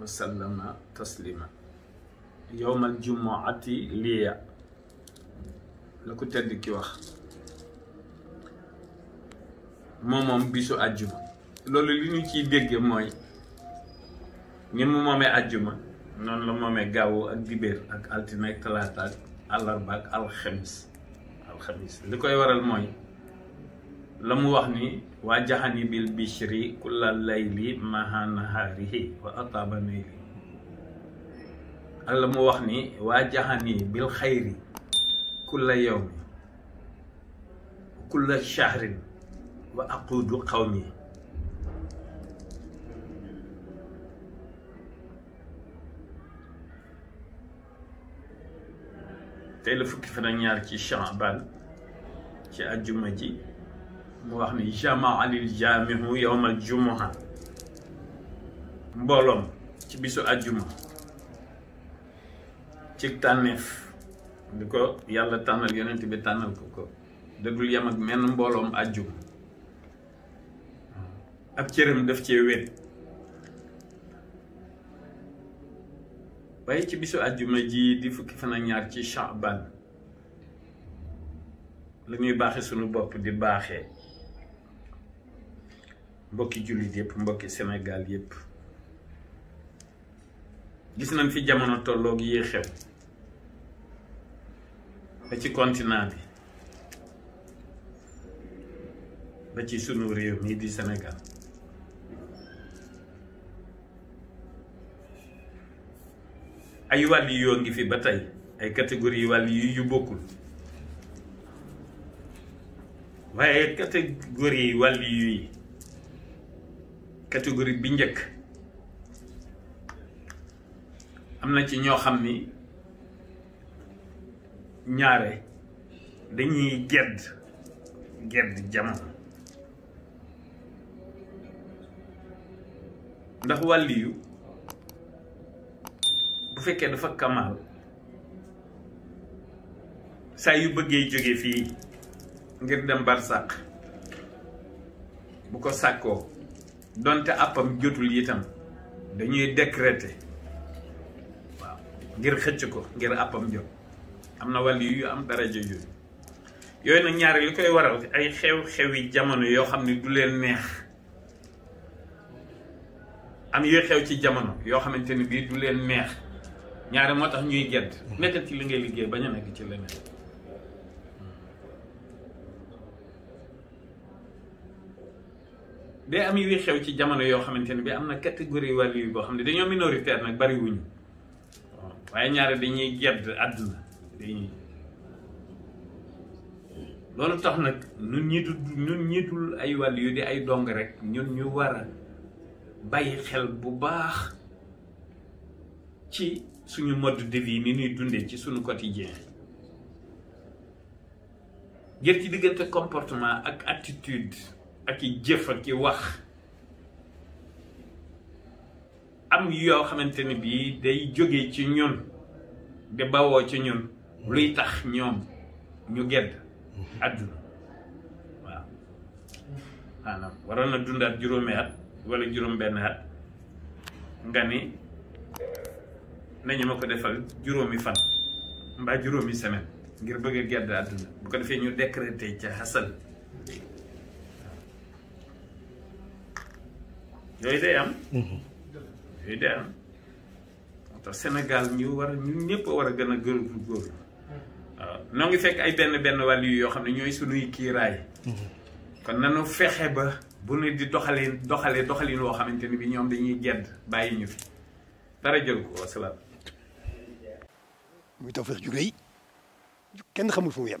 wa sallama taslima yowmal jumuati liya la ko tedd ki wax moom moom bisu àjjuma loolu li ñu ciy dégge mooy ni mu moomee àjjuma noonu la moomee gaawu ak dibéer ak altine ak talaata ak àllarba ak alxamis alxamis li koy waral mooy la mu wax ni waa jaxani bil bishri kulla layli maha wa ataba nayli ak la mu wax ni waa jaxani bil xayri kulla yawmi kulla shahrin wa aqudu qawmi tey la fukki fan ñaar ci Shaaban ci àjjuma ji mu wax ni jamaa alil jaamihu yowmal jumuha mbooloom ci bisu àjjuma cig tànneef di ko yàlla tànnal yonent bi tànnal ko ko dadul yem menn mbooloom àjjuma ab cëram daf cee wét waaye ci bisu àjjuma ji di fukki fan ñaar ci Shaaban lu ñuy baaxe sunu bopp di baaxee mbokki jullit yëpp mbokki senegaal yëpp gis nañ fi jamono tolloog yi xew ba ci continent bi ba ci sunu réew mii di senegaal ay wàll yoo ngi fi ba tey ay catégorie wàll yu yu bokkul waaye catégorie wàll yu catégorie bi njëkk am na ci ñoo xam ni ñaare dañuy gedd gedd jamono ndax wàlliyu bu fekkee dafa kamaal saa yu bëggee jóge fii ngir dem barsàq bu ko sàkkoo donte àppam jotul itam dañuy décréter waaw ngir xëcc ko ngir àppam jot am na wàll yu am daraja yooyu yooyu nag ñaari li koy waral ay xew-xewi jamono yoo xam ne du leen meex am yooyu xew ci jamono yoo xamante ni bii du leen meex ñaari moo tax ñuy gedd mm-hmm. nekkal ci li ngay liggéey ba ñu nekk ci leneen day am yuy xew ci jamono yoo xamante ne bi am na catégorie wàll yu boo xam ne dañoo minoritaire nag bari wuñu waaye ñaare dañuy gedd àdduna dañuy loolu tax nag ñun ñi dul ñun ay wàllu yu di ay dong rek ñun ñu war bàyyi xel bu baax ci suñu mode de vie ni ñuy dundee ci suñu quotidien ngir ci diggante comportement ak attitude ak i jëf ak i wax am yoo xamante ne bii day jóge ci ñun di bawoo ci ñun luy tax ñoom ñu gedd àdduna waaw maanaam waroon na dundaat juróomi at wala juróom benn at nga ni nañu ma ko defal juróomi fan mbaa juróomi semaine ngir bëgg a gedd àdduna bu ko defee ñu décrété ca xasal yooyu day am. Mhm. yooyu day am tax Sénégal ñu war ñun ñëpp war a gën a gën a góor waaw noo ngi fekk ay benn benn wàll yu yoo xam ne ñooy sunuy kiiraay. Mhm. kon nanu fexe ba bu ne di doxalee doxalee doxalin woo xamante ni bi ñoom dañuy gedd bàyyi ñu fi dara jël ko wasalaam. muy Tawfekh ju rëy kenn xamul fu mu yem.